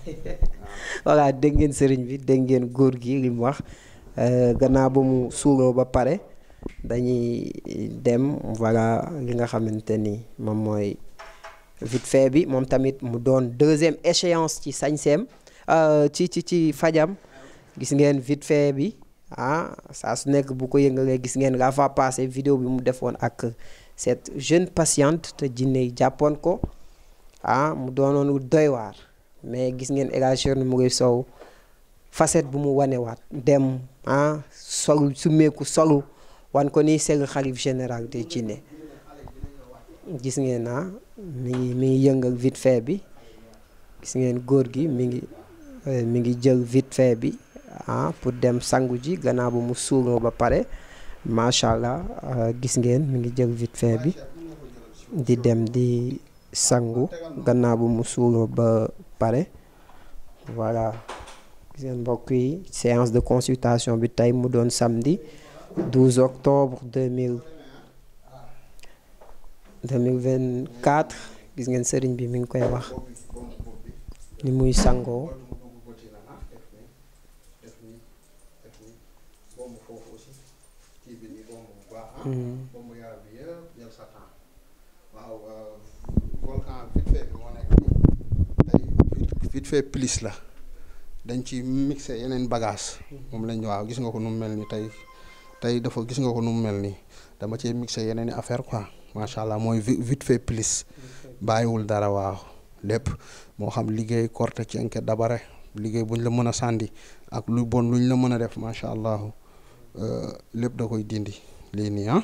voilà dégg ngeen sëriñ bi dégg ngeen góor gi li mu wax euh, gannaaw ba mu suuloo ba pare dañuy dem voilà li nga xamante ni moom mooy vite bi moom tamit mu doon deuxième échéance ci sañseem euh, ci ci ci fajam gis ngeen vite fait bi ah saa su nekk bu ko yëngalee gis ngeen nga fa passé vidéo bi mu defoon ak cette jeune patiente te jinne yi jàppoon ko ah mu doonoon doy waar mais gis ngeen élargir mu ngi sow facette bu mu wanewaat dem ah solu summeeku solu wan ko ni c'est le khalife général des jinne gis ngeen naa mi ngi mi ngi yëng ak bi gis ngeen góor gi mi ngi euh, mi ngi jël vite bi ah pour dem sangu ji gannaaw ba mu suuroo ba pare macha allah euh, gis ngeen mi ngi jël vite fait bi di dem di sangu gannaaw ba mu suuroo ba pare voilà gis ngeen mbokk yi séance de consultation bi tey mu doon samedi 12 octobre 2000. 2024 gis ngeen sëriñ bi mi ngi koy wax ni muy sangoo hmm. vite plus la dañ ci mixé yeneen bagage moom lañ waaw gis nga ko nu mu mel ni tey tey dafa gis nga ko nu mu mel nii dama ci mixé yeneen i affaire quoi macha allah mooy vite fait plus bàyyiwul dara waaw lépp moo xam liggéey korte cenke dabare liggéey bu buñ la mën a sàndi ak lu bon lu luñ la mën a def macha allah euh, lépp da koy dindi lii nii ah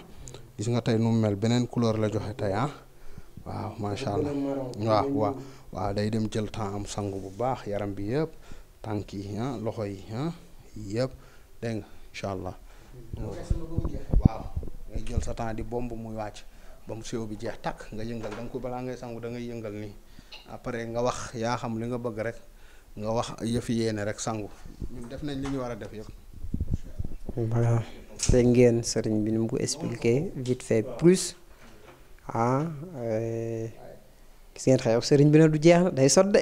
gis nga tey nu mel beneen couleur la joxe tey ah waaw macha allah waaw waaw day dem jël temps am sangu bu baax yaram bi yëpp tànk yi ah loxo yi ah yëpp dégg nga allah waaw ngay jël sa temps di bomb muy wàcc ba mu siwo bi jeex tàkk nga yëngal da ko balaa ngay sangu da ngay yëngal nii après nga wax yaa xam li nga bëgg rek nga wax yëf yéene rek sangu ñun def nañ li ñu war a def yëpp. voilà dégg ngeen sëriñ bi nu mu ko expliqué vite fait plus ah euh, gis ngeen xëy sëriñ bi na du jeex na day sodde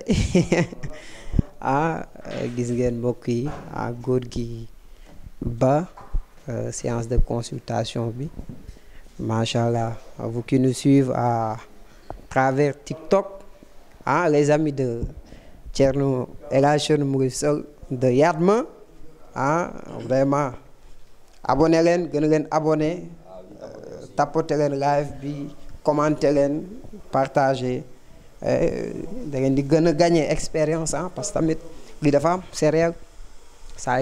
ah euh, gis ngeen mbokk yi ah góor gi ba euh, séance de consultation bi. Machallah, à vous qui nous suivez à travers TikTok, hein, les amis de Tcherno et la Mourissol de Yadma, hein, vraiment, abonnez-les, abonnez abonner, euh, tapotez les live, bi, commentez les, partagez. da ngeen di gën a gagner expérience ah parce que tamit li dafa am c'est réel ça